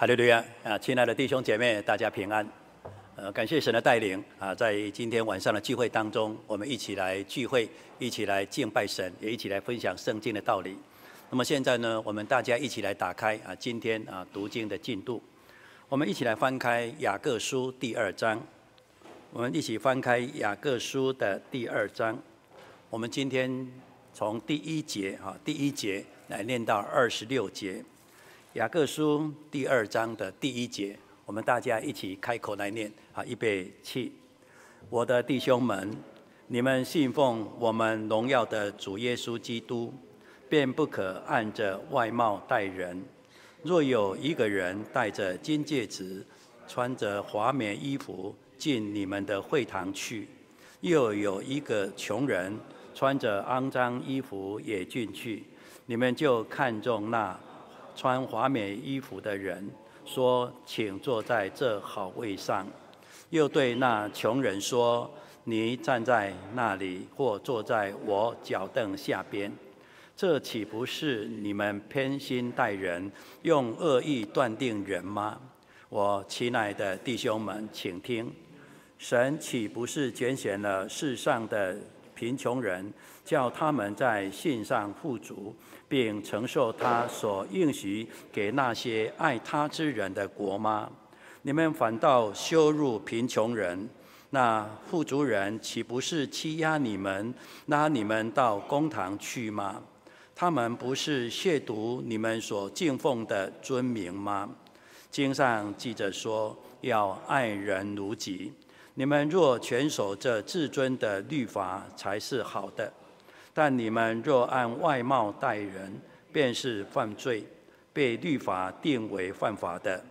哈利路亞啊，親愛的弟兄姐妹，大家平安。呃，感謝神的帶領啊，在今天晚上的聚會當中，我們一起來聚會，一起來敬拜神，也一起來分享聖經的道理。那麼現在呢，我們大家一起來打開啊，今天啊讀經的進度，我們一起來翻開雅各書第二章，我們一起翻開雅各書的第二章，我們今天從第一節啊，第一節來念到二十六節。雅各書第二章的第一節，我們大家一起開口來念啊，預備起。我的弟兄們，你們信奉我們榮耀的主耶穌基督，便不可按着外貌待人。若有一個人戴著金戒指，穿着華美衣服進你們的會堂去，又有一個窮人穿着骯髒衣服也進去，你們就看中那。穿華美衣服的人說：“請坐在這好位上。”又對那窮人說：“你站在那裡，或坐在我腳凳下邊，這豈不是你們偏心待人，用惡意斷定人嗎？”我親愛的弟兄們，請聽，神豈不是揀選了世上的？貧窮人叫他們在信上富足，並承受他所應許給那些愛他之人的國嗎？你們反倒羞辱貧窮人，那富足人豈不是欺壓你們，拉你們到公堂去嗎？他們不是褻瀆你們所敬奉的尊名嗎？經上記着說：要愛人如己。你們若全守這至尊的律法才是好的，但你們若按外貌待人，便是犯罪，被律法定為犯法的。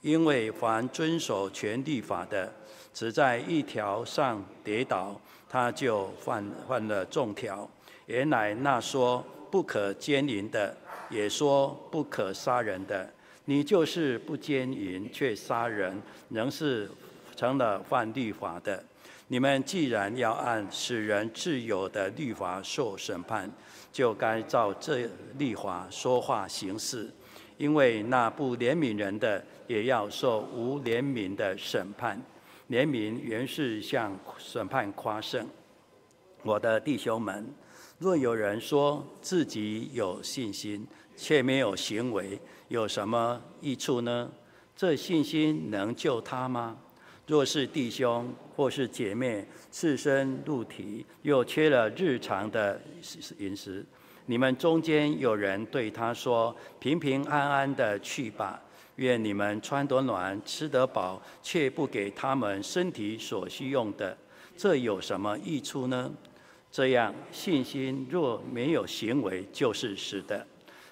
因為凡遵守全律法的，只在一條上跌倒，他就犯犯了眾條。原來那說不可姦淫的，也說不可殺人的，你就是不姦淫卻殺人，仍是。成了犯律法的。你們既然要按使人自由的律法受審判，就該照這律法說話行事。因為那不憐憫人的，也要受無憐憫的審判。憐憫原是向審判誇勝。我的弟兄們，若有人說自己有信心，卻沒有行為，有什麼益處呢？這信心能救他嗎？若是弟兄或是姐妹赤身露體，又缺了日常的飲食，你們中間有人對他說：“平平安安的去吧，願你們穿得暖，吃得飽，卻不給他們身體所需用的，這有什麼益處呢？”這樣信心若沒有行為，就是死的。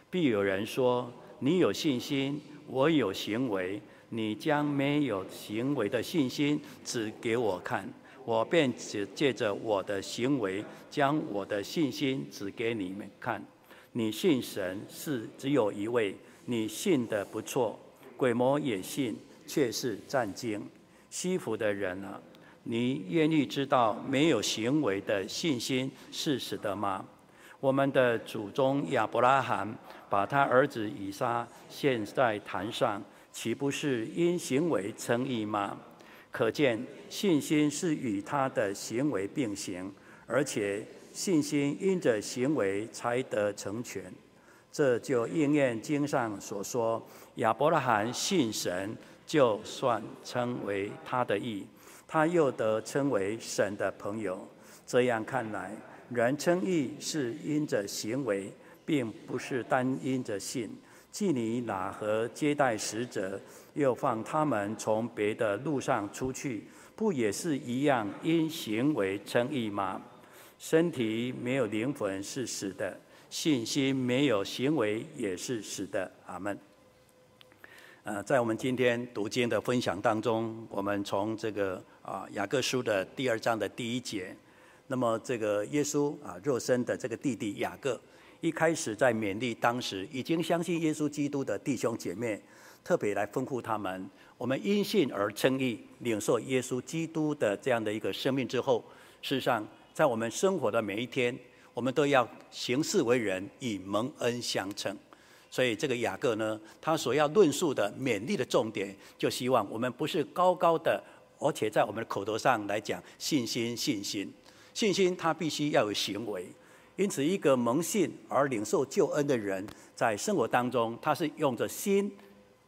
必有人說：“你有信心，我有行為。”你將沒有行為的信心指給我看，我便只借着我的行為將我的信心指給你們看。你信神是只有一位，你信的不錯，鬼魔也信，卻是戰驚。虛浮的人啊，你願意知道沒有行為的信心是死的嗎？我們的祖宗亞伯拉罕把他兒子以撒獻在壇上。豈不是因行為稱義嗎？可見信心是與他的行為並行，而且信心因着行為才得成全。這就應驗經上所說：“亞伯拉罕信神，就算稱為他的義；他又得稱為神的朋友。”這樣看來，人稱義是因着行為，並不是單因着信。妓女喇合接待使者，又放他們從別的路上出去，不也是一樣因行為稱義嗎？身體沒有靈魂是死的，信心沒有行為也是死的。阿門。呃，在我們今天讀經的分享當中，我們從這個啊雅各書的第二章的第一節，那麼這個耶穌啊肉身的這個弟弟雅各。一開始在勉勵當時已經相信耶穌基督的弟兄姐妹，特別來吩咐他們：我們因信而稱義，領受耶穌基督的這樣的一個生命之後，事實上，在我們生活的每一天，我們都要行事為人以蒙恩相稱。所以這個雅各呢，他所要論述的勉勵的重點，就希望我們不是高高的，而且在我們的口頭上來講信心，信心，信心，他必須要有行為。因此，一個蒙信而領受救恩的人，在生活當中，他是用着心，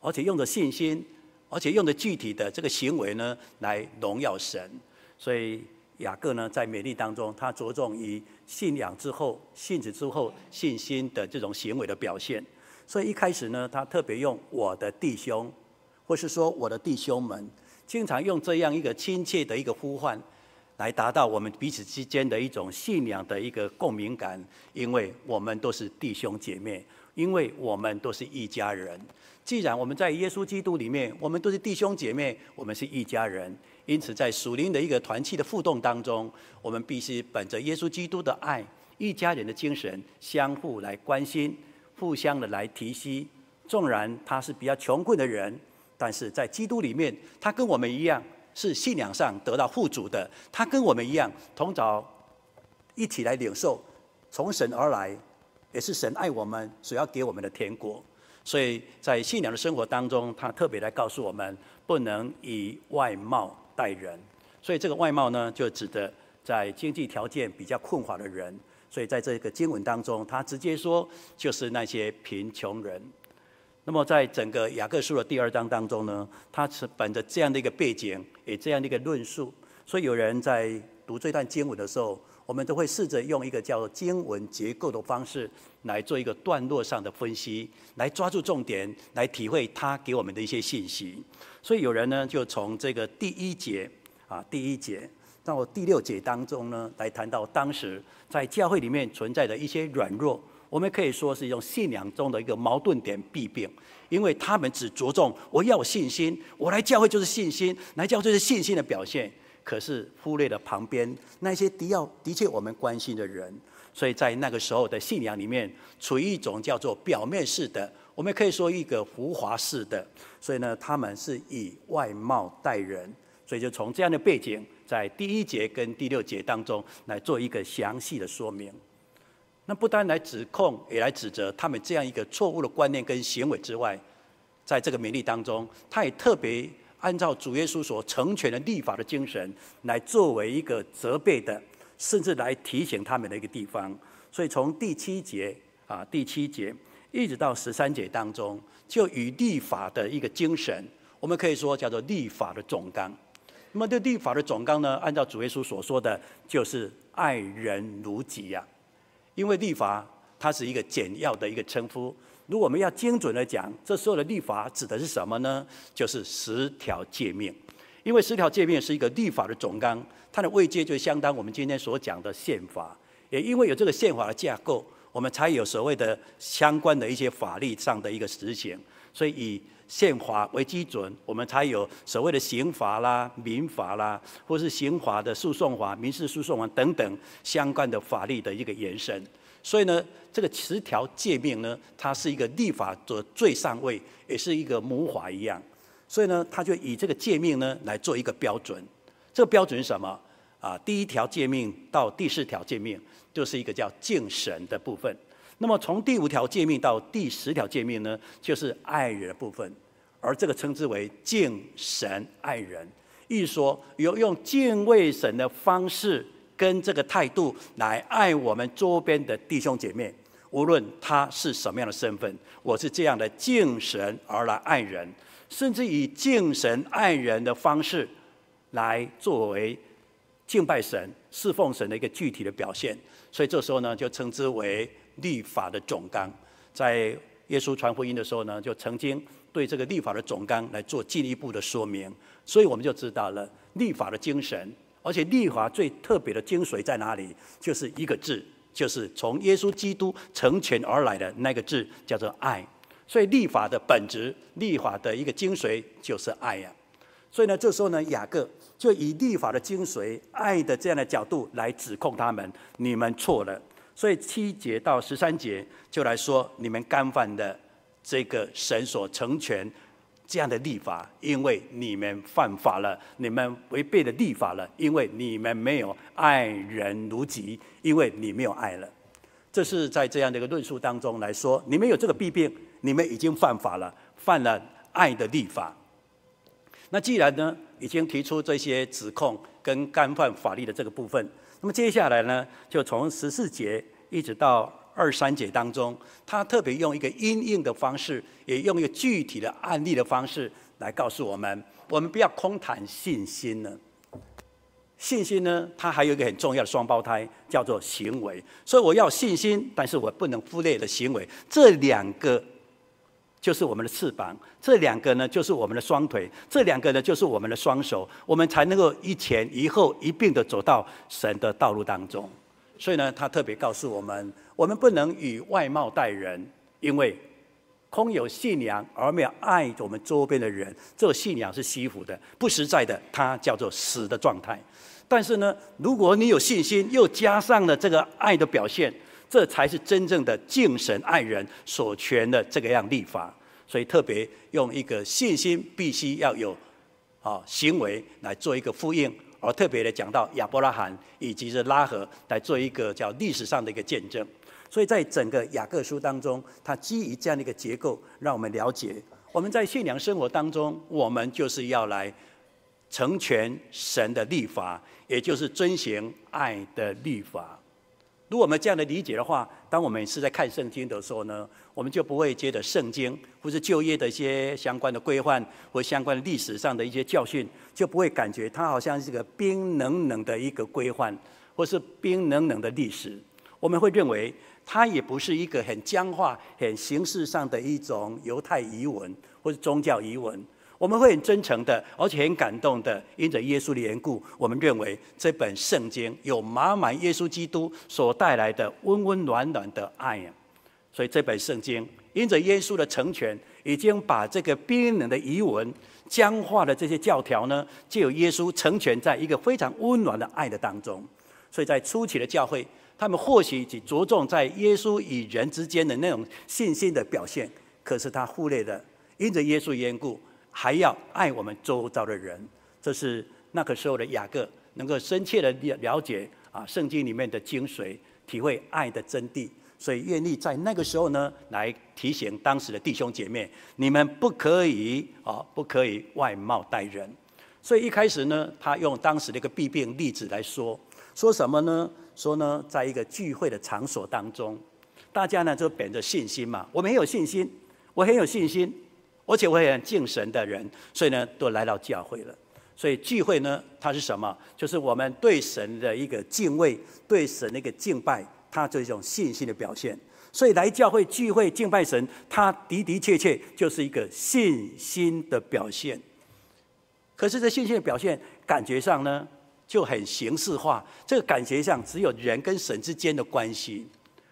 而且用着信心，而且用着具體的這個行為呢，來榮耀神。所以，雅各呢，在勉勵當中，他着重於信仰之後、信子之後、信心的這種行為的表現。所以一開始呢，他特別用我的弟兄，或是說我的弟兄們，經常用這樣一個親切的一個呼喚，來達到我們彼此之間的一種信仰的一個共鳴感，因為我們都是弟兄姐妹，因為我們都是一家人。既然我們在耶穌基督裡面，我們都是弟兄姐妹，我們是一家人。因此，在屬靈的一個團契的互動當中，我們必須本着耶穌基督的愛、一家人的精神，相互來關心，互相的來提攜。縱然他是比較窮困的人，但是在基督裡面，他跟我們一樣。是信仰上得到互助的，他跟我們一樣，同早一起來領受，從神而來，也是神愛我們，所要給我們的天國。所以在信仰的生活當中，他特別來告訴我們，不能以外貌待人。所以這個外貌呢，就指的在經濟條件比較困乏的人。所以在這個經文當中，他直接說，就是那些貧窮人。那麼，在整個雅各書的第二章當中呢，它是本着這樣的一個背景，也這樣的一個論述。所以，有人在讀這段經文的時候，我們都會試着用一個叫做經文結構的方式來做一個段落上的分析，來抓住重點，來體會他給我們的一些信息。所以，有人呢，就從這個第一節啊，第一節到第六節當中呢，來談到當時在教會裡面存在的一些軟弱。我們可以說是一種信仰中的一個矛盾點弊病，因為他們只着重，我要有信心，我來教會就是信心，來教會就是信心的表現，可是忽略了旁邊那些迪奧的確我們關心的人，所以在那個時候的信仰裡面，處於一種叫做表面式的，我們可以說一個浮華式的，所以呢，他們是以外貌待人，所以就從這樣的背景，在第一節跟第六節當中來做一個詳細的說明。那不單來指控，也來指責他們這樣一個錯誤的觀念跟行為之外，在這個名利當中，他也特別按照主耶穌所成全的立法的精神，來作為一個責備的，甚至來提醒他們的一個地方。所以從第七節啊，第七節一直到十三節當中，就與立法的一個精神，我們可以說叫做立法的總綱。那麼這立法的總綱呢，按照主耶穌所說的就是愛人如己呀。因為立法，它是一個簡要的一個稱呼，如果我們要精準地講，這所有的立法指的是什麼呢？就是十條誡命，因為十條誡命是一個立法的總綱，它的位階就相當我們今天所講的憲法。也因為有這個憲法的架構，我們才有所謂的相關的一些法律上的一個實行。所以以憲法為基準，我們才有所謂的刑法啦、民法啦，或是刑法的訴訟法、民事訴訟法等等相關的法律的一個延伸。所以呢，這個十條誡命呢，它是一個立法者最上位，也是一個母法一樣。所以呢，它就以這個誡命呢來做一個標準。這個標準是什麼？啊，第一條誡命到第四條誡命，就是一個叫敬神的部分。那麼從第五條誡命到第十條誡命呢，就是愛人的部分，而這個稱之為敬神愛人，意思說有用敬畏神的方式跟這個態度來愛我們周邊的弟兄姐妹，無論他是什麼樣的身份，我是這樣的敬神而來愛人，甚至以敬神愛人的方式來作為敬拜神、侍奉神的一個具體的表現。所以這時候呢，就稱之為。律法的總綱，在耶穌傳福音的時候呢，就曾經對這個律法的總綱來做進一步的說明，所以我們就知道了律法的精神。而且律法最特別的精髓在哪裡？就是一個字，就是從耶穌基督成全而來的那個字，叫做愛。所以律法的本質，律法的一個精髓就是愛呀。所以呢，這時候呢，雅各就以律法的精髓愛的這樣的角度來指控他們：你們錯了。所以七節到十三節就來說，你們干犯的這個神所成全這樣的律法，因為你們犯法了，你們違背的律法了，因為你們沒有愛人如己，因為你沒有愛了。這是在這樣的一個論述當中來說，你們有這個弊病，你們已經犯法了，犯了愛的律法。那既然呢，已經提出這些指控跟干犯法律的這個部分。那麼接下來呢，就從十四節一直到二三節當中，他特別用一個應用的方式，也用一個具體的案例的方式來告訴我們：我們不要空談信心呢。信心呢，它還有一個很重要的雙胞胎，叫做行為。所以我要信心，但是我不能忽略的行為。這兩個。就是我們的翅膀，這兩個呢就是我們的雙腿，這兩個呢就是我們的雙手，我們才能夠一前一後一併地走到神的道路當中。所以呢，他特別告訴我們，我們不能以外貌待人，因為空有信仰而沒有愛我們周邊的人，這個、信仰是虛浮的、不實在的，它叫做死的狀態。但是呢，如果你有信心，又加上了這個愛的表現。這才是真正的敬神愛人所全的這個樣立法，所以特別用一個信心必須要有，啊行為來做一個呼應，而特別的講到亞伯拉罕以及是拉合來做一個叫歷史上的一個見證，所以在整個雅各書當中，它基於這樣的一個結構，讓我們了解我們在信仰生活當中，我們就是要來成全神的立法，也就是遵循愛的立法。如果我們這樣的理解的話，當我們是在看聖經的時候呢，我們就不會覺得聖經或是舊約的一些相關的規範或相關歷史上的一些教訓，就不會感覺它好像是一個冰冷冷的一個規範或是冰冷冷的歷史。我們會認為它也不是一個很僵化、很形式上的一種猶太儀文或是宗教儀文。我們會很真誠的，而且很感動的，因着耶穌的緣故，我們認為這本聖經有滿滿耶穌基督所帶來的溫溫暖暖的愛呀。所以這本聖經，因着耶穌的成全，已經把這個冰冷的遺文、僵化的這些教條呢，藉由耶穌成全，在一個非常溫暖的愛的當中。所以在初期的教會，他們或許只着重在耶穌與人之間的那種信心的表現，可是他忽略了因着耶穌的緣故。還要愛我們周遭的人，這是那個時候的雅各能夠深切的了了解啊，聖經裡面的精髓，體會愛的真諦。所以，願意在那個時候呢，來提醒當時的弟兄姐妹，你們不可以啊，不可以外貌待人。所以一開始呢，他用當時的一個弊病例子來說，說什麼呢？說呢，在一個聚會的場所當中，大家呢就本着信心嘛，我們很有信心，我很有信心。而且我也很敬神的人，所以呢，都來到教會了。所以聚會呢，它是什麼？就是我們對神的一個敬畏，對神的一個敬拜，它就是一種信心的表現。所以來教會聚會敬拜神，它的的確確就是一個信心的表現。可是，這信心的表現感覺上呢，就很形式化。這個感覺上只有人跟神之間的關係。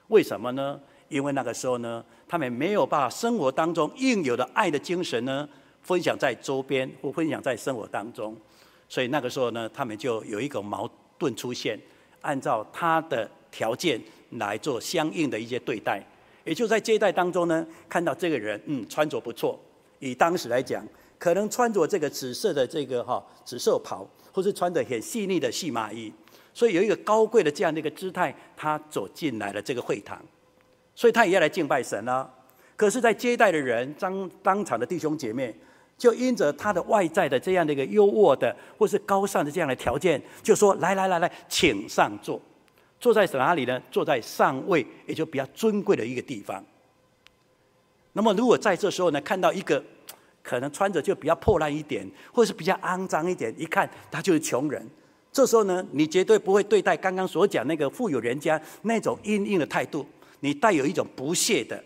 為什麼呢？因為那個時候呢。他們沒有把生活當中應有的愛的精神呢，分享在周邊或分享在生活當中，所以那個時候呢，他們就有一個矛盾出現。按照他的條件來做相應的一些對待，也就在接待當中呢，看到這個人，嗯，穿着不錯，以當時來講，可能穿着這個紫色的這個哈紫色袍，或是穿着很細膩的細麻衣，所以有一個高貴的這樣的一個姿態，他走進來了這個會堂。所以他也要來敬拜神啊！可是，在接待的人當當場的弟兄姐妹，就因着他的外在的這樣的一個優渥的，或是高尚的這樣的條件，就說：“來來來來，請上座，坐在哪裡呢？坐在上位，也就比較尊貴的一個地方。”那麼，如果在這時候呢，看到一個可能穿着就比較破爛一點，或是比較骯髒一點，一看他就是窮人，這時候呢，你絕對不會對待剛剛所講那個富有人家那種殷勤的態度。你帶有一種不屑的，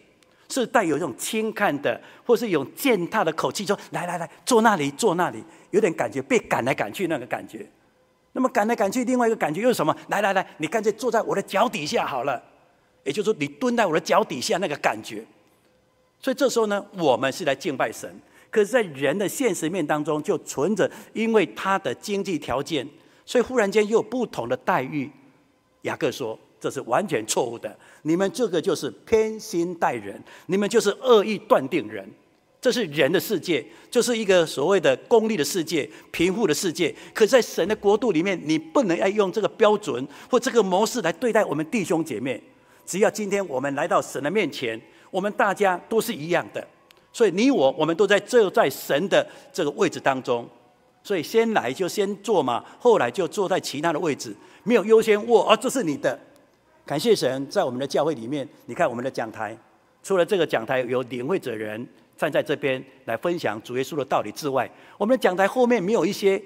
是帶有一種輕看的，或是一種踐踏的口氣，說：“來來來，坐那裡，坐那裡，有點感覺被趕來趕去那個感覺。”那麼趕來趕去，另外一個感覺又是什麼？來來來，你乾脆坐在我的腳底下好了，也就是說，你蹲在我的腳底下那個感覺。所以這時候呢，我們是來敬拜神，可是，在人的現實面當中，就存着因為他的經濟條件，所以忽然間又有不同的待遇。雅各說。這是完全錯誤的，你們這個就是偏心待人，你們就是惡意斷定人。這是人的世界，就是一個所謂的功利的世界、貧富的世界。可在神的國度裡面，你不能要用這個標準或這個模式來對待我們弟兄姐妹。只要今天我們來到神的面前，我們大家都是一樣的。所以你我，我們都在這在神的這個位置當中。所以先來就先坐嘛，後來就坐在其他的位置，沒有優先。我，而這是你的。感謝神在我們的教會裡面，你看我們的講台，除了這個講台有領會者人站在這邊來分享主耶穌的道理之外，我們的講台後面沒有一些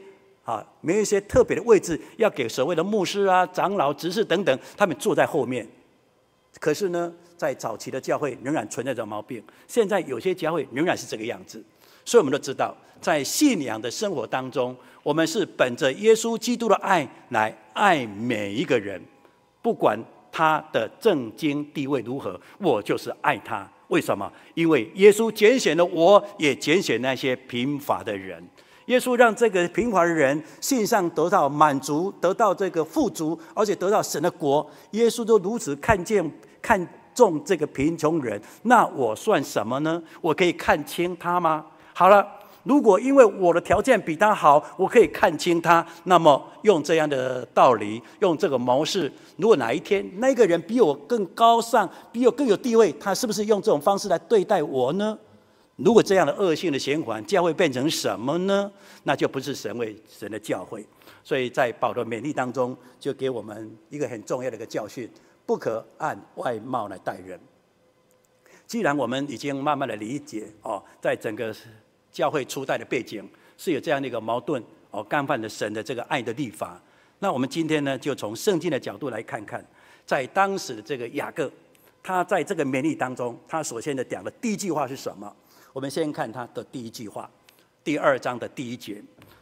啊，沒有一些特別的位置要給所謂的牧師啊、長老、執事等等，他們坐在後面。可是呢，在早期的教會仍然存在着毛病，現在有些教會仍然是這個樣子。所以我們都知道，在信仰的生活當中，我們是本着耶穌基督的愛來愛每一個人，不管。他的政經地位如何？我就是愛他。為什麼？因為耶穌揀選了我，也揀選那些貧乏的人。耶穌讓這個貧乏的人信上得到滿足，得到這個富足，而且得到神的國。耶穌都如此看見、看重這個貧窮人，那我算什麼呢？我可以看輕他嗎？好了，如果因為我的條件比他好，我可以看輕他，那麼用這樣的道理，用這個模式，如果哪一天那個人比我更高尚，比我更有地位，他是不是用這種方式來對待我呢？如果這樣的惡性的循環，將會變成什麼呢？那就不是神為神的教會。所以在保羅勉勵當中，就給我們一個很重要的一個教訓：不可按外貌來待人。既然我們已經慢慢的理解哦，在整個。教會初代的背景是有這樣的一個矛盾哦，干犯的神的這個愛的立法。那我們今天呢，就從聖經的角度來看看，在當時的這個雅各，他在這個勉勵當中，他首先的講的第一句話是什麼？我們先看他的第一句話，第二章的第一節，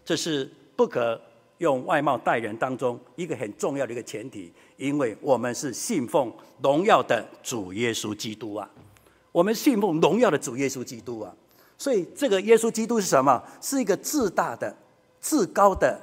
這是不可用外貌待人當中一個很重要的一個前提，因為我們是信奉榮耀的主耶穌基督啊，我們信奉榮耀的主耶穌基督啊。所以，這個耶穌基督是什麼？是一個至大的、至高的，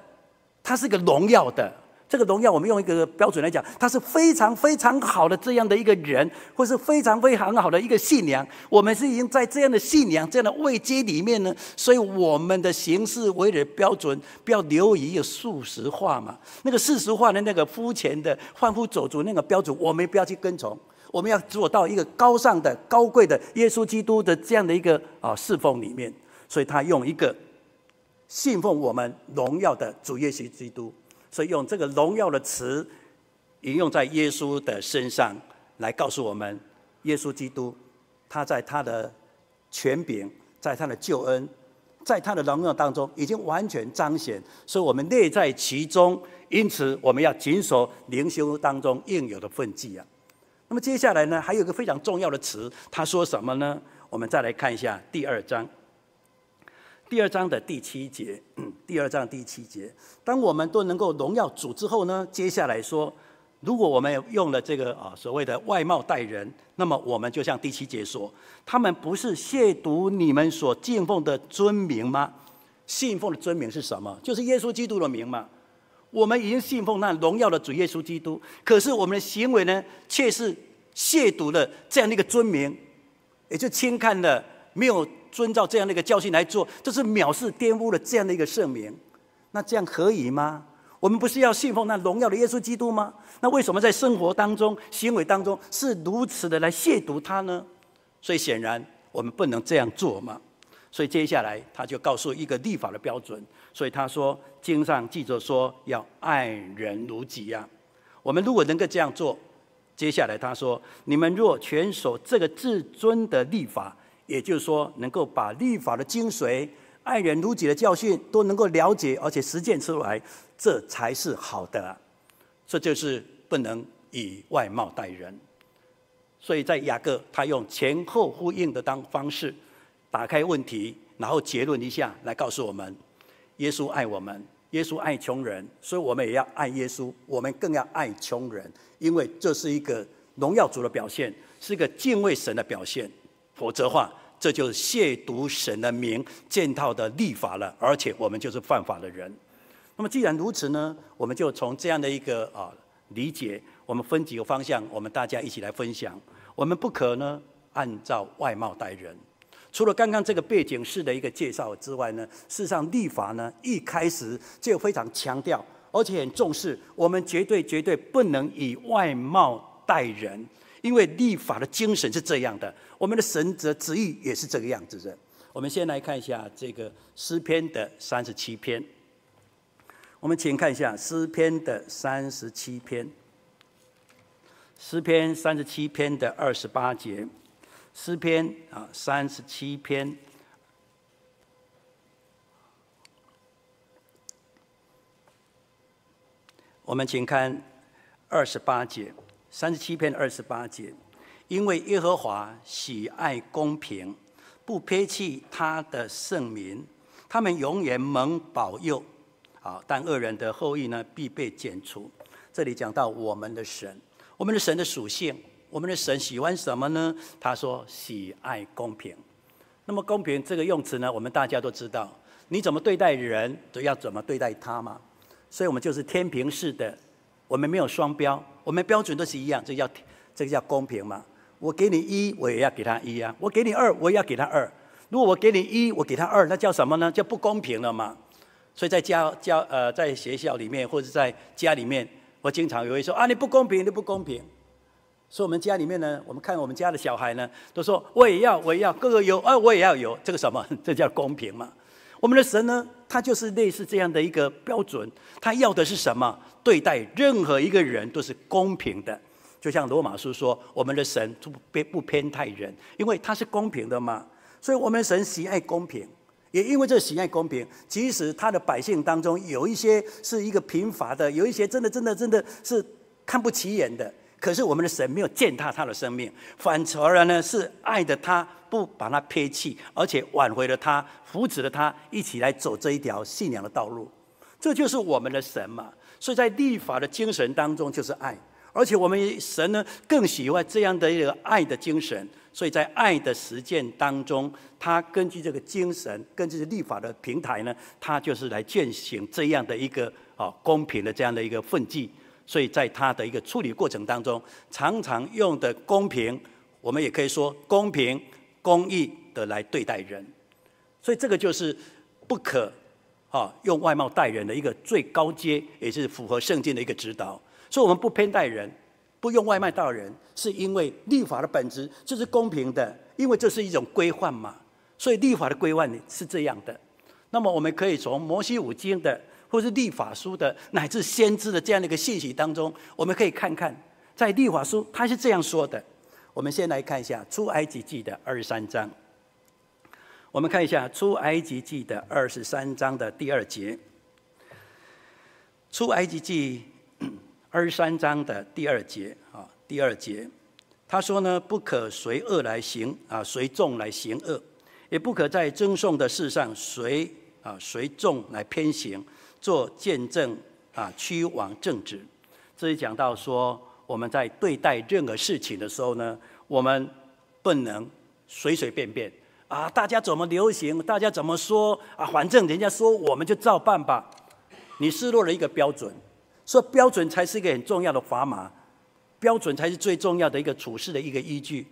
他是一個榮耀的。這個榮耀，我們用一個標準來講，他是非常非常好的這樣的一個人，或是非常非常好的一個信仰。我們是已經在這樣的信仰、這樣的位階裡面呢，所以我們的行事為人標準不要流於數十化嘛。那個事實化的那個膚淺的、販夫走卒那個標準，我們不要去跟從。我們要做到一個高尚的、高貴的耶穌基督的這樣的一個啊侍奉裡面，所以他用一個信奉我們榮耀的主耶穌基督，所以用這個榮耀的詞引用在耶穌的身上，來告訴我們，耶穌基督他在他的權柄，在他的救恩，在他的榮耀當中已經完全彰顯，所以我們內在其中，因此我們要謹守靈修當中應有的分際啊。那麼接下來呢，還有一個非常重要的詞，他說什麼呢？我們再來看一下第二章，第二章的第七節，第二章第七節，當我們都能夠榮耀主之後呢，接下來說，如果我們用了這個啊所謂的外貌待人，那麼我們就像第七節說，他們不是褻瀆你們所敬奉的尊名嗎？信奉的尊名是什麼？就是耶穌基督的名嗎？我們已經信奉那榮耀的主耶穌基督，可是我們的行為呢，卻是褻瀆了這樣的一個尊名，也就輕看了，沒有遵照這樣的一個教訓來做，這，就是藐視、玷污了這樣的一個聖名。那這樣可以嗎？我們不是要信奉那榮耀的耶穌基督嗎？那為什麼在生活當中、行為當中是如此的來褻瀆他呢？所以顯然，我們不能這樣做嘛。所以接下來他就告訴一個立法的標準。所以他說：“經上記着說，要愛人如己呀、啊。我們如果能夠這樣做，接下來他說：‘你們若全守這個至尊的立法，也就是說，能夠把立法的精髓、愛人如己的教訓都能夠了解，而且實踐出來，這才是好的、啊。’這就是不能以外貌待人。所以在雅各，他用前後呼應的當方式。”打開問題，然後結論一下來告訴我們：耶穌愛我們，耶穌愛窮人，所以我們也要愛耶穌，我們更要愛窮人，因為這是一個榮耀主的表現，是一個敬畏神的表現。否則話，這就是褻瀆神的名，踐踏的立法了，而且我們就是犯法的人。那麼既然如此呢，我們就從這樣的一個啊理解，我們分幾個方向，我們大家一起來分享。我們不可呢按照外貌待人。除了剛剛這個背景式的一個介紹之外呢，事實上律法呢一開始就非常強調，而且很重視，我們絕對絕對不能以外貌待人，因為律法的精神是這樣的，我們的神之旨意也是這個樣子的。我們先來看一下這個詩篇的三十七篇，我們請看一下詩篇的三十七篇，詩篇三十七篇的二十八節。詩篇啊，三十七篇。我們請看二十八節，三十七篇二十八節，因為耶和華喜愛公平，不撇棄他的聖民，他們永遠蒙保佑。好、啊，但惡人的後裔呢，必被剪除。這裡講到我們的神，我們的神的屬性。我們的神喜歡什麼呢？他說喜愛公平。那麼公平這個用詞呢，我們大家都知道，你怎麼對待人，都要怎麼對待他嘛。所以，我們就是天平式的，我們沒有雙標，我們標準都是一樣，這叫這個叫公平嘛。我給你一，我也要給他一啊；我給你二，我也要給他二。如果我給你一，我給他二，那叫什麼呢？叫不公平了嘛。所以在家、家呃，在學校裡面或者在家裡面，我經常有人說啊，你不公平，你不公平。所以，我們家裡面呢，我們看我們家的小孩呢，都說我也要，我也要，各個有，啊，我也要有。這個什麼？這叫公平嘛？我們的神呢，他就是類似這樣的一個標準。他要的是什麼？對待任何一個人都是公平的。就像羅馬書說，我們的神就不，不，不偏不偏袒人，因為他是公平的嘛。所以，我們神喜愛公平，也因為這喜愛公平，即使他的百姓當中有一些是一個貧乏的，有一些真的真的真的是看不起眼的。可是我們的神沒有踐踏他的生命，反而是呢，是愛的他，不把他撇棄，而且挽迴了他，扶持了他，一起來走這一條信仰的道路。這就是我們的神嘛！所以在立法的精神當中，就是愛，而且我們神呢，更喜歡這樣的一個愛的精神。所以在愛的實踐當中，他根據這個精神，根據立法的平台呢，他就是來踐行這樣的一個啊公平的這樣的一個奮進。所以在他的一個處理過程當中，常常用的公平，我們也可以說公平、公義的來對待人，所以這個就是不可啊、哦、用外貌待人的一個最高階，也是符合聖經的一個指導。所以我們不偏待人，不用外貌待人，是因為立法的本質就是公平的，因為這是一種規範嘛。所以立法的規範是這樣的。那麼我們可以從摩西五經的。或是律法書的乃至先知的這樣的一個信息當中，我們可以看看，在律法書他是這樣說的。我們先來看一下《出埃及記》的二十三章。我們看一下《出埃及記》的二十三章的第二節，《出埃及記》二十三章的第二節啊，第二節他說呢，不可隨惡來行啊，隨眾來行惡，也不可在爭訟的事上隨啊隨眾來偏行，做見證啊，屈枉正直。這裡講到說，我們在對待任何事情的時候呢，我們不能隨隨便便啊。大家怎麼流行，大家怎麼說啊？反正人家說，我們就照辦吧。你失落了一個標準，說標準才是一個很重要的砝碼，碼，標準才是最重要的一個處事的一個依據。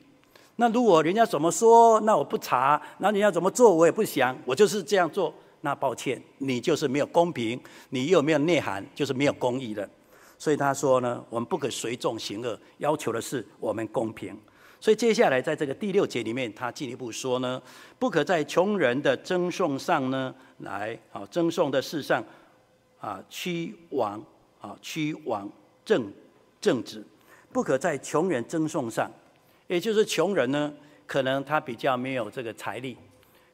那如果人家怎麼說，那我不查，那你要怎麼做，我也不想，我就是這樣做。那抱歉，你就是沒有公平，你又沒有內涵，就是沒有公義的。所以他說呢，我們不可隨眾行惡，要求的是我們公平。所以接下來在這個第六節裡面，他進一步說呢，不可在窮人的爭訟上呢，來啊爭訟的事上，啊屈枉啊屈枉正正直，不可在窮人爭訟上，也就是窮人呢，可能他比較沒有這個財力。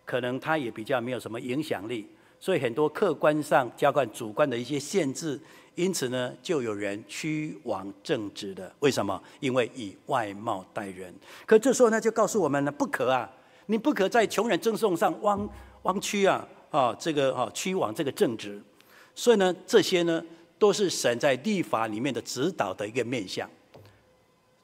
可能他也比較沒有什麼影響力，所以很多客觀上、加上主觀的一些限制，因此呢，就有人屈枉正直的。為什麼？因為以外貌待人。可這時候呢，就告訴我們了：不可啊，你不可在窮人爭訟上彎彎曲啊啊，這個啊屈枉這個正直。所以呢，這些呢都是神在律法裡面的指導的一個面向。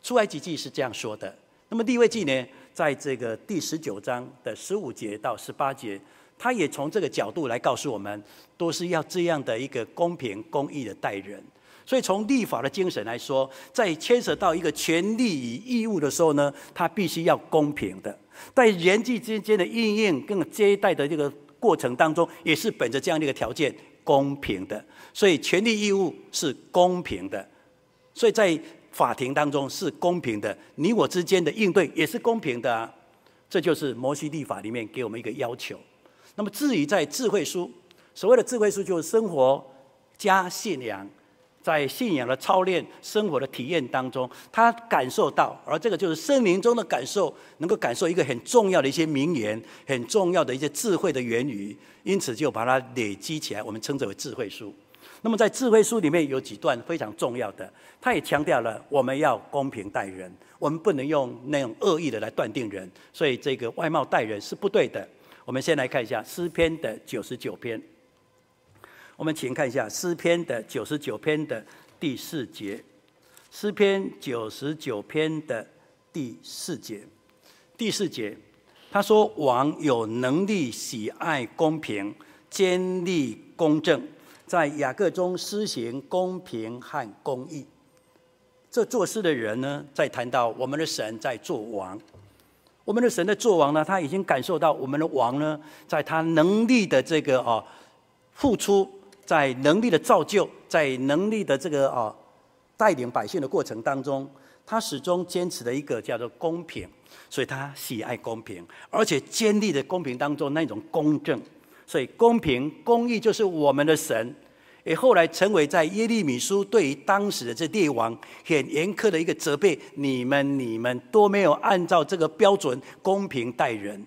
出埃及記是這樣說的。那麼利未記呢？在這個第十九章的十五節到十八節，他也從這個角度來告訴我們，都是要這樣的一個公平、公義的待人。所以從立法的精神來說，在牽扯到一個權利與義務的時候呢，它必須要公平的。在人際之間的應用跟接待的這個過程當中，也是本着這樣的一個條件，公平的。所以權利義務是公平的。所以在法庭當中是公平的，你我之間的應對也是公平的啊！這就是摩西立法裡面給我們一個要求。那麼，至於在智慧書，所謂的智慧書就是生活加信仰，在信仰的操練、生活的體驗當中，他感受到，而這個就是聖靈中的感受，能夠感受一個很重要的一些名言，很重要的一些智慧的言語，因此就把它累積起來，我們稱之為智慧書。那麼在智慧書裡面有幾段非常重要的，他也強調了我們要公平待人，我們不能用那種惡意的來斷定人，所以這個外貌待人是不對的。我們先來看一下詩篇的九十九篇，我們請看一下詩篇的九十九篇的第四節，詩篇九十九篇的第四節，第四節他說，王有能力喜愛公平，堅立公正，在雅各中施行公平和公義，這做事的人呢，在談到我們的神在做王，我們的神在做王呢，他已經感受到我們的王呢，在他能力的這個哦、啊、付出，在能力的造就，在能力的這個哦、啊、帶領百姓的過程當中，他始終堅持的一個叫做公平，所以他喜愛公平，而且建立的公平當中那種公正。所以公平、公義就是我們的神，也後來成為在耶利米書對於當時的這帝王很嚴苛的一個責備：你們、你們都沒有按照這個標準公平待人。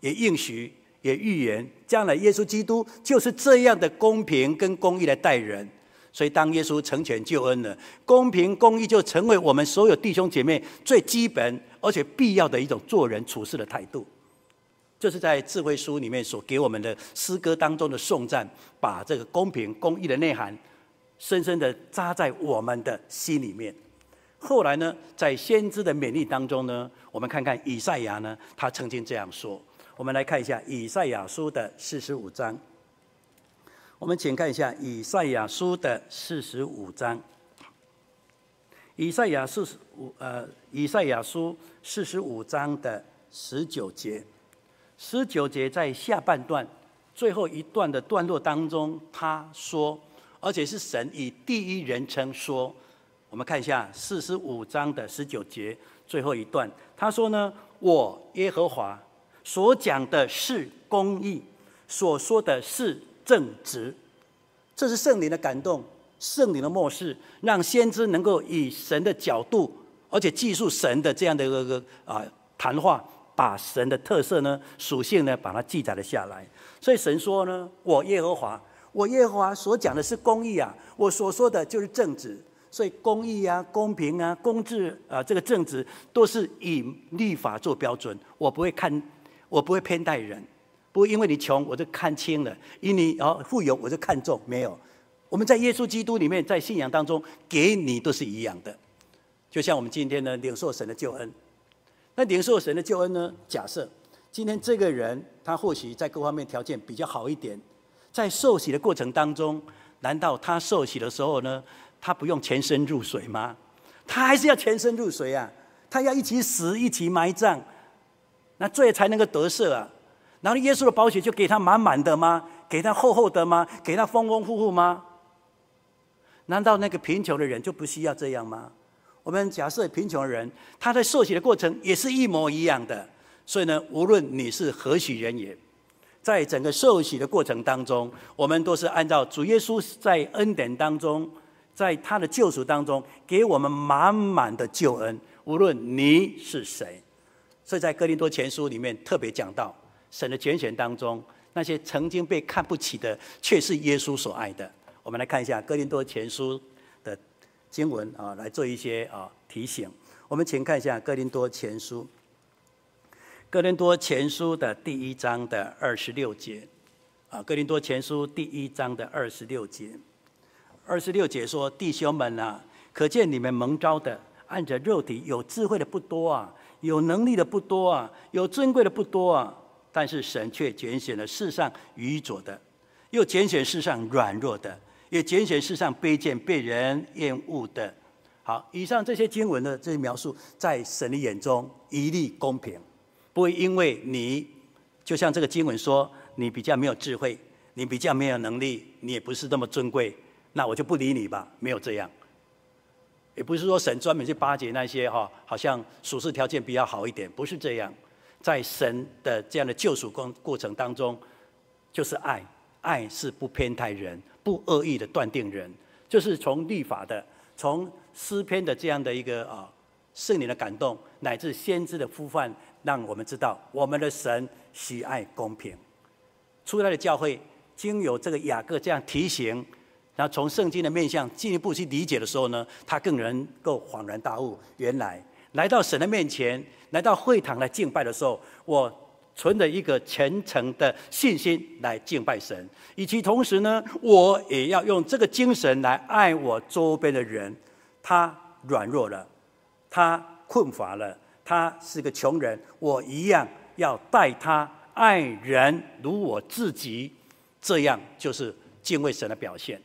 也應許、也預言，將來耶穌基督就是這樣的公平跟公義來待人。所以當耶穌成全救恩了，公平、公義就成為我們所有弟兄姐妹最基本而且必要的一種做人處事的態度。就是在智慧書裡面所給我們的詩歌當中的頌讚，把這個公平、公義的內涵，深深地扎在我們的心裡面。後來呢，在先知的勉勵當中呢，我們看看以賽亞呢，他曾經這樣說。我們來看一下以賽亞書的四十五章。我們請看一下以賽亞書的四十五章。以賽亞四十五，呃，以賽亞書四十五章的十九節。十九節在下半段最後一段的段落當中，他說，而且是神以第一人稱說，我們看一下四十五章的十九節最後一段，他說呢：我耶和華所講的是公義，所說的是正直，這是聖靈的感動，聖靈的默示，讓先知能夠以神的角度，而且記述神的這樣的一個啊、呃、談話。把神的特色呢、屬性呢，把它記載了下來。所以神說呢：“我耶和華，我耶和華所講的是公義啊，我所說的就是正直。所以公義啊、公平啊、公治啊，這個正直都是以律法做標準。我不會看，我不會偏待人，不會因為你窮我就看輕了，因你哦富有我就看重。沒有，我們在耶穌基督裡面，在信仰當中給你都是一樣的。就像我們今天呢領受神的救恩。”那領受神的救恩呢？假設今天這個人，他或許在各方面條件比較好一點，在受洗的過程當中，難道他受洗的時候呢，他不用全身入水嗎？他還是要全身入水啊！他要一起死，一起埋葬，那罪才能夠得赦啊！然後耶穌的寶血就給他滿滿的嗎？給他厚厚的嗎？給他豐豐富富嗎？難道那個貧窮的人就不需要這樣嗎？我們假設貧窮的人，他在受洗的過程也是一模一樣的。所以呢，無論你是何許人也，在整個受洗的過程當中，我們都是按照主耶穌在恩典當中，在他的救贖當中，給我們滿滿的救恩。無論你是誰，所以在哥林多前書裡面特別講到，神的揀選當中，那些曾經被看不起的，卻是耶穌所愛的。我們來看一下哥林多前書。經文啊，來做一些啊提醒。我們請看一下哥《哥林多前書》，《哥林多前書》的第一章的二十六節啊，《哥林多前書》第一章的二十六節，二十六節說：“弟兄們吶、啊，可見你們蒙召的，按着肉體有智慧的不多啊，有能力的不多啊，有尊貴的不多啊，但是神卻揀選了世上愚拙的，又揀選世上軟弱的。”也揀選世上卑賤、被人厭惡的。好，以上這些經文的這些描述，在神的眼中一律公平，不會因為你就像這個經文說，你比較沒有智慧，你比較沒有能力，你也不是那麼尊貴，那我就不理你吧？沒有這樣，也不是說神專門去巴結那些哈，好像屬世條件比較好一點，不是這樣。在神的這樣的救贖過過程當中，就是愛，愛是不偏袒人。不惡意的斷定人，就是從律法的、從詩篇的這樣的一個啊，聖靈的感動，乃至先知的呼喚，讓我們知道我們的神喜愛公平。出來的教會，經由這個雅各這樣提醒，然後從聖經的面向進一步去理解的時候呢，他更能夠恍然大悟，原來來到神的面前，來到會堂來敬拜的時候，我。存着一個虔誠的信心來敬拜神，以及同時呢，我也要用這個精神來愛我周邊的人。他軟弱了，他困乏了，他是個窮人，我一樣要待他愛人如我自己，這樣就是敬畏神的表現。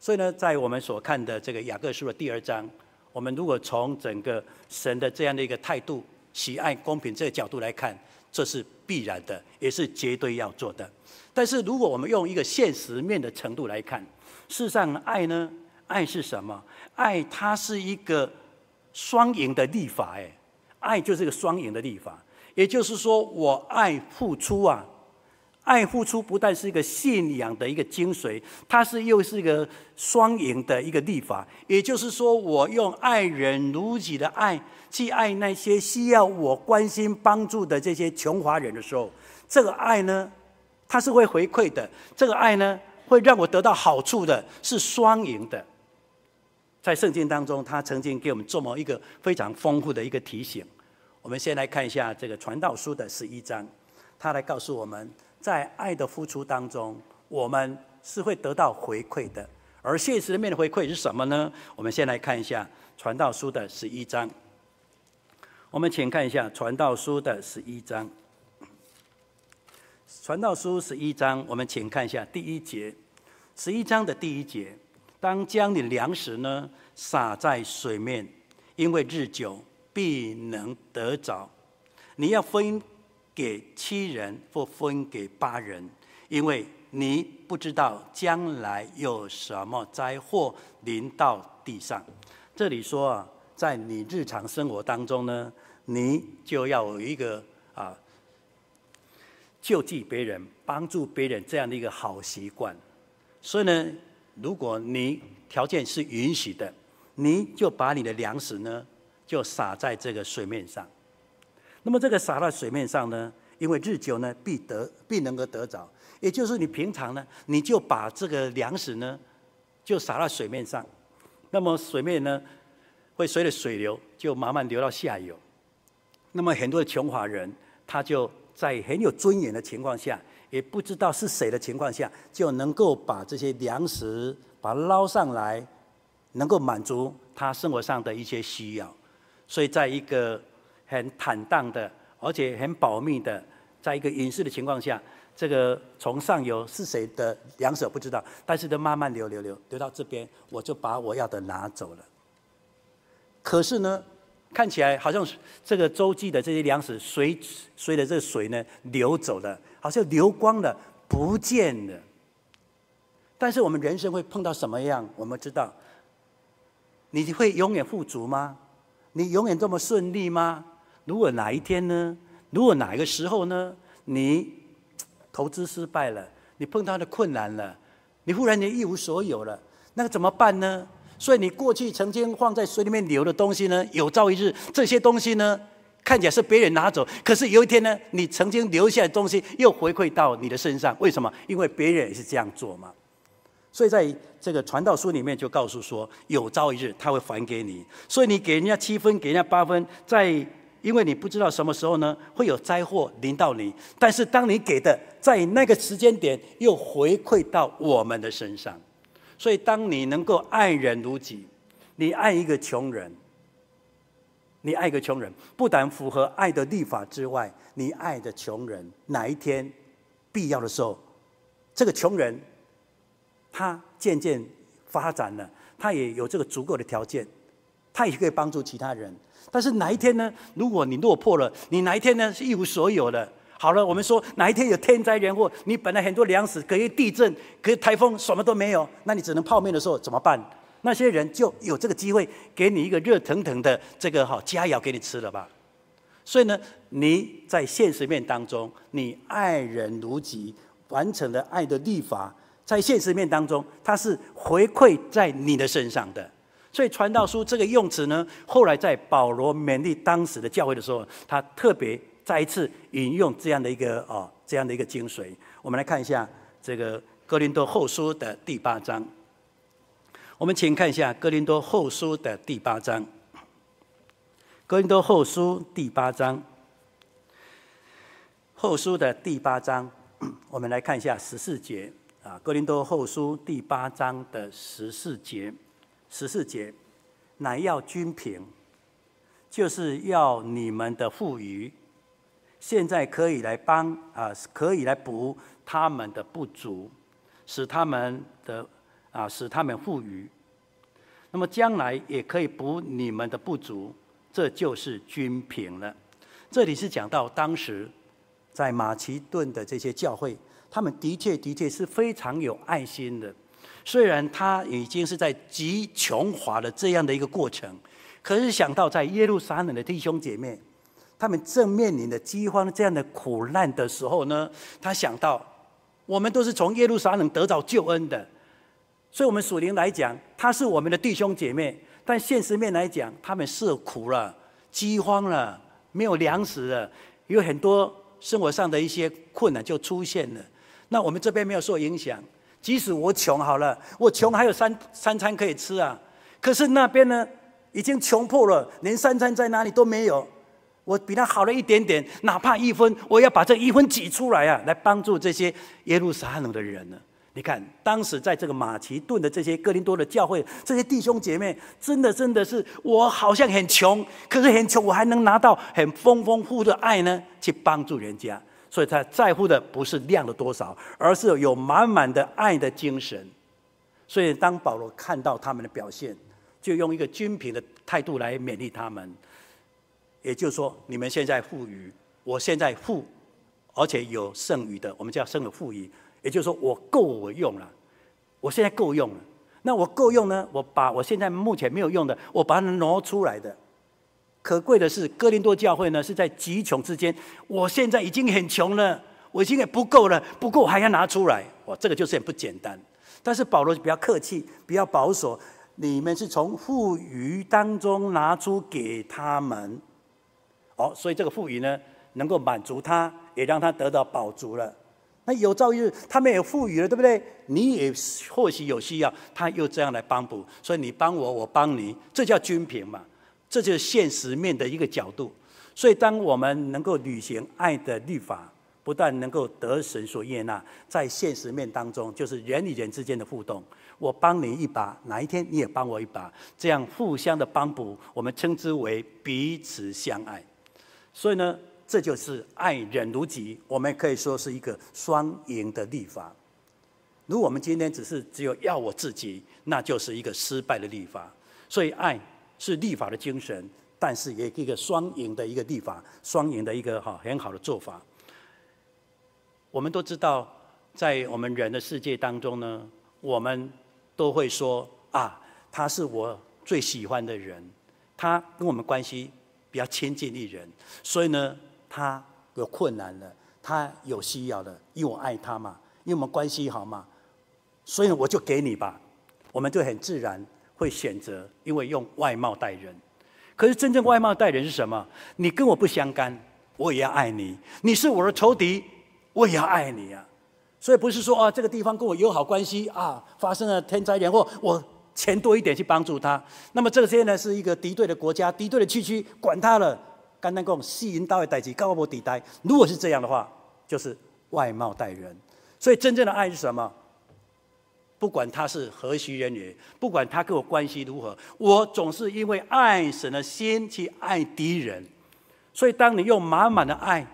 所以呢，在我們所看的這個雅各書的第二章，我們如果從整個神的這樣的一個態度、喜愛、公平這個角度來看。這是必然的，也是絕對要做的。但是如果我們用一個現實面的程度來看，事實上，愛呢？愛是什麼？愛它是一個雙贏的立法、欸，哎，愛就是一個雙贏的立法。也就是說，我愛付出啊。愛付出不但是一個信仰的一個精髓，它是又是一個雙贏的一個立法。也就是說，我用愛人如己的愛去愛那些需要我關心幫助的這些窮乏人的時候，這個愛呢，它是會回饋的。這個愛呢，會讓我得到好處的，是雙贏的。在聖經當中，他曾經給我們這麼一個非常豐富的一個提醒。我們先來看一下這個傳道書的十一章，他來告訴我們。在愛的付出當中，我們是會得到回饋的。而現實面的回饋是什麼呢？我們先來看一下《傳道書》的十一章。我們請看一下《傳道書》的十一章，《傳道書》十一章，我們請看一下第一節。十一章的第一節：“當將你糧食呢撒在水面，因為日久必能得着。”你要分。給七人，或分給八人，因為你不知道將來有什麼災禍臨到地上。這裡說啊，在你日常生活當中呢，你就要有一個啊救濟別人、幫助別人這樣的一個好習慣。所以呢，如果你條件是允許的，你就把你的糧食呢，就撒在這個水面上。那麼這個灑在水面上呢，因為日久呢，必得必能夠得着。也就是你平常呢，你就把這個糧食呢，就灑到水面上，那麼水面呢，會隨着水流就慢慢流到下游。那麼很多的窮華人，他就在很有尊嚴的情況下，也不知道是誰的情況下，就能夠把這些糧食把它撈上來，能夠滿足他生活上的一些需要。所以在一個很坦蕩的，而且很保密的，在一個隱私的情況下，這個從上游是誰的糧食不知道，但是它慢慢流、流、流，流到這邊，我就把我要的拿走了。可是呢，看起來好像這個周濟的這些糧食隨隨着這個水呢流走了，好像流光了，不見了。但是我們人生會碰到什麼樣？我們知道，你會永遠富足嗎？你永遠這麼順利嗎？如果哪一天呢？如果哪一個時候呢？你投資失敗了，你碰到的困難了，你忽然間一無所有了，那個、怎麼辦呢？所以你過去曾經放在水裡面流的東西呢，有朝一日這些東西呢，看起來是別人拿走，可是有一天呢，你曾經留下來的東西又回饋到你的身上，為什麼？因為別人也是這樣做嘛。所以在這個傳道書裡面就告訴說，有朝一日他會還給你。所以你給人家七分，給人家八分，在因為你不知道什麼時候呢，會有災禍臨到你，但是當你給的在那個時間點又回饋到我們的身上，所以當你能夠愛人如己，你愛一個窮人，你愛一個窮人，不但符合愛的律法之外，你愛的窮人哪一天必要的時候，這個窮人他漸漸發展了，他也有這個足夠的條件，他也可以幫助其他人。但是哪一天呢？如果你落魄了，你哪一天呢是一無所有的？好了，我們說哪一天有天災人禍，你本來很多糧食，可以地震，可以台風，什麼都沒有，那你只能泡麵的時候怎麼辦？那些人就有這個機會給你一個熱騰騰的這個哈、哦、佳肴給你吃了吧？所以呢，你在現實面當中，你愛人如己，完成了愛的律法，在現實面當中，它是回饋在你的身上的。所以，傳道書這個用詞呢，後來在保羅勉勵當時的教會的時候，他特別再一次引用這樣的一個哦這樣的一個精髓。我們來看一下這個哥林多後書的第八章。我們請看一下哥林多後書的第八章。哥林多後書第八章，後書的第八章，我們來看一下十四節啊，哥林多後書第八章的十四節。十四節，乃要均平，就是要你們的富餘，現在可以來幫啊、呃，可以來補他們的不足，使他們的啊、呃，使他們富裕，那麼將來也可以補你們的不足，這就是均平了。這裡是講到當時在馬其頓的這些教會，他們的確的確是非常有愛心的。雖然他已經是在極窮乏的這樣的一個過程，可是想到在耶路撒冷的弟兄姐妹，他們正面臨着饑荒這樣的苦難的時候呢，他想到我們都是從耶路撒冷得到救恩的，所以我們屬靈來講，他是我們的弟兄姐妹。但現實面來講，他們受苦了，饑荒了，沒有糧食了，有很多生活上的一些困難就出現了。那我們這邊沒有受影響。即使我窮好了，我窮還有三三餐可以吃啊。可是那邊呢，已經窮破了，連三餐在哪裡都沒有。我比他好了一點點，哪怕一分，我要把這一分擠出來啊，來幫助這些耶路撒冷的人呢、啊。你看，當時在這個馬其頓的這些哥林多的教會，這些弟兄姐妹，真的真的是，我好像很窮，可是很窮，我還能拿到很豐豐富的愛呢，去幫助人家。所以他在乎的不是量的多少，而是有滿滿的愛的精神。所以當保羅看到他們的表現，就用一個均平的態度來勉勵他們。也就是說，你們現在富餘，我現在富，而且有剩餘的，我們叫生的富餘。也就是說，我夠我用了，我現在夠用了。那我夠用呢，我把我現在目前沒有用的，我把它挪出來的。可貴的是，哥林多教會呢，是在極窮之間。我現在已經很窮了，我已經也不夠了，不夠我還要拿出來。哇，這個就是很不簡單。但是保羅比較客氣，比較保守。你們是從富餘當中拿出給他們，哦，所以這個富餘呢，能夠滿足他，也讓他得到飽足了。那有朝一日他們也富餘了，對不對？你也或許有需要，他又這樣來幫補，所以你幫我，我幫你，這叫均平嘛。這就是現實面的一個角度，所以當我們能夠履行愛的律法，不但能夠得神所悅納，在現實面當中，就是人與人之間的互動，我幫你一把，哪一天你也幫我一把，這樣互相的幫補，我們稱之為彼此相愛。所以呢，這就是愛人如己，我們可以說是一個雙贏的律法。如果我們今天只是只有要我自己，那就是一個失敗的律法。所以愛。是立法的精神，但是也給一個雙贏的一個立法，雙贏的一個哈很好的做法。我們都知道，在我們人的世界當中呢，我們都會說啊，他是我最喜歡的人，他跟我們關係比較親近的人，所以呢，他有困難了，他有需要了，因為我愛他嘛，因為我們關係好嘛，所以我就給你吧，我們就很自然，會選擇，因為用外貌待人。可是真正外貌待人是什麼？你跟我不相干，我也要愛你。你是我的仇敵，我也要愛你啊！所以不是說啊，這個地方跟我友好關係啊，發生了天災人禍，我錢多一點去幫助他。那麼這些呢，是一個敵對的國家、敵對的地區，管他了，甘當共吸引到外代機，高我抵待。如果是這樣的話，就是外貌待人。所以真正的愛是什麼？不管他是何許人也，不管他跟我關係如何，我總是因為愛神的心去愛敵人。所以，當你用滿滿的愛。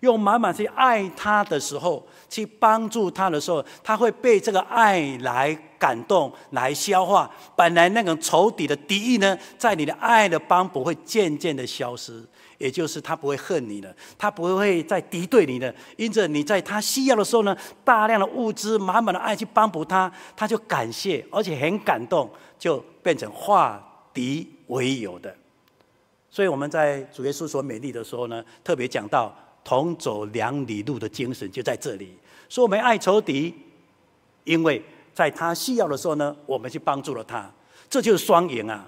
用滿滿去愛他的時候，去幫助他的時候，他會被這個愛來感動，來消化本來那種仇敵的敵意呢，在你的愛的幫補會漸漸的消失，也就是他不會恨你了，他不會再敵對你了。因著你在他需要的時候呢，大量的物資，滿滿的愛去幫補他，他就感謝，而且很感動，就變成化敵為友的。所以我們在主耶穌所美麗的時候呢，特別講到。同走兩里路的精神就在這裡。所以我們愛仇敵，因為在他需要的時候呢，我們去幫助了他，這就是雙贏啊。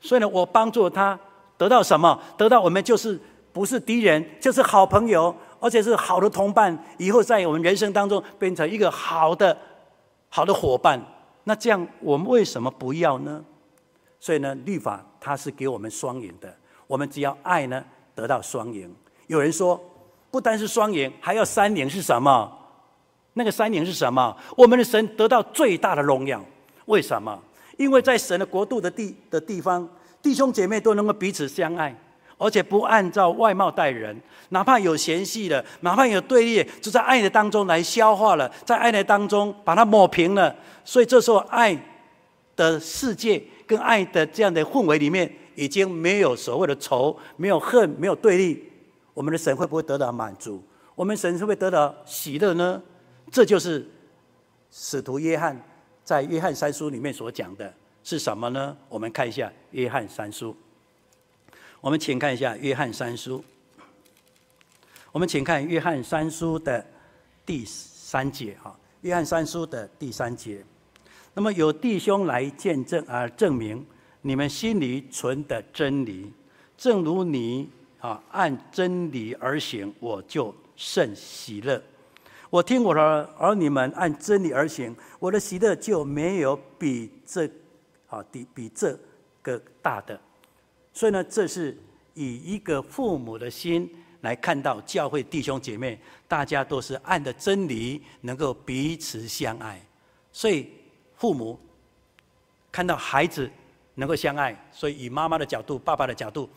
所以呢，我幫助了他得到什麼？得到我們就是不是敵人，就是好朋友，而且是好的同伴。以後在我們人生當中變成一個好的好的夥伴，那這樣我們為什麼不要呢？所以呢，律法它是給我們雙贏的，我們只要愛呢，得到雙贏。有人說，不單是雙贏，還要三贏是什麼？那個三贏是什麼？我們的神得到最大的榮耀，為什麼？因為在神的國度的地的地方，弟兄姐妹都能夠彼此相愛，而且不按照外貌待人。哪怕有嫌隙的，哪怕有對立，就在愛的當中來消化了，在愛的當中把它抹平了。所以這時候，愛的世界跟愛的這樣的氛圍裡面，已經沒有所謂的仇，沒有恨，沒有對立。我們的神會不會得到滿足？我們神會不會得到喜樂呢？這就是使徒約翰在約翰三書裡面所講的是什麼呢？我們看一下約翰三書。我們請看一下約翰三書。我們請看約翰三書的第三節哈，約翰三書的第三節。那麼有弟兄來見證而證明你們心裡存的真理，正如你。啊，按真理而行，我就甚喜樂。我聽我的兒女們按真理而行，我的喜樂就沒有比這啊，比比這個大的。所以呢，這是以一個父母的心來看到教會弟兄姐妹，大家都是按着真理，能夠彼此相愛。所以父母看到孩子能夠相愛，所以以媽媽的角度、爸爸的角度。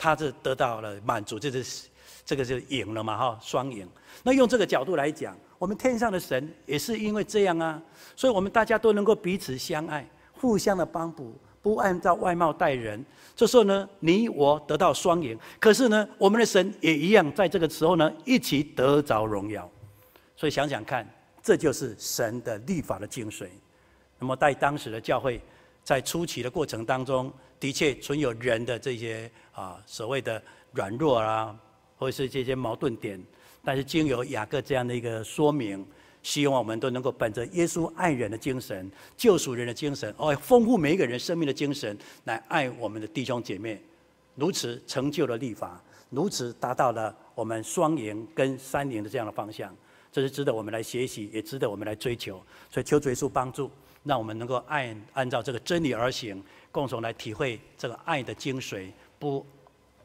他是得到了滿足，就是這個就贏了嘛，哈、哦，雙贏。那用這個角度來講，我們天上的神也是因為這樣啊，所以我們大家都能夠彼此相愛，互相的幫補，不按照外貌待人。這時候呢，你我得到雙贏，可是呢，我們的神也一樣在這個時候呢一起得着榮耀。所以想想看，這就是神的律法的精髓。那麼在當時的教會，在初期的過程當中。的確存有人的這些啊，所謂的軟弱啊，或者是這些矛盾點，但是經由雅各這樣的一個說明，希望我們都能夠本着耶穌愛人的精神、救贖人的精神，而、哦、豐富每一個人生命的精神，來愛我們的弟兄姐妹，如此成就了律法，如此達到了我們雙贏跟三贏的這樣的方向，這是值得我們來學習，也值得我們來追求。所以求主耶穌幫助，讓我們能夠按按照這個真理而行。共同來體會這個愛的精髓，不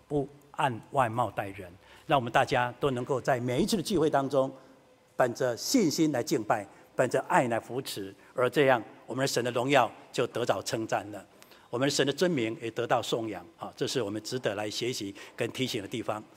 不按外貌待人，讓我們大家都能夠在每一次的聚會當中，本着信心來敬拜，本着愛來扶持，而這樣，我們的神的榮耀就得着稱讚了，我們的神的尊名也得到頌揚啊！這是我們值得來學習跟提醒的地方。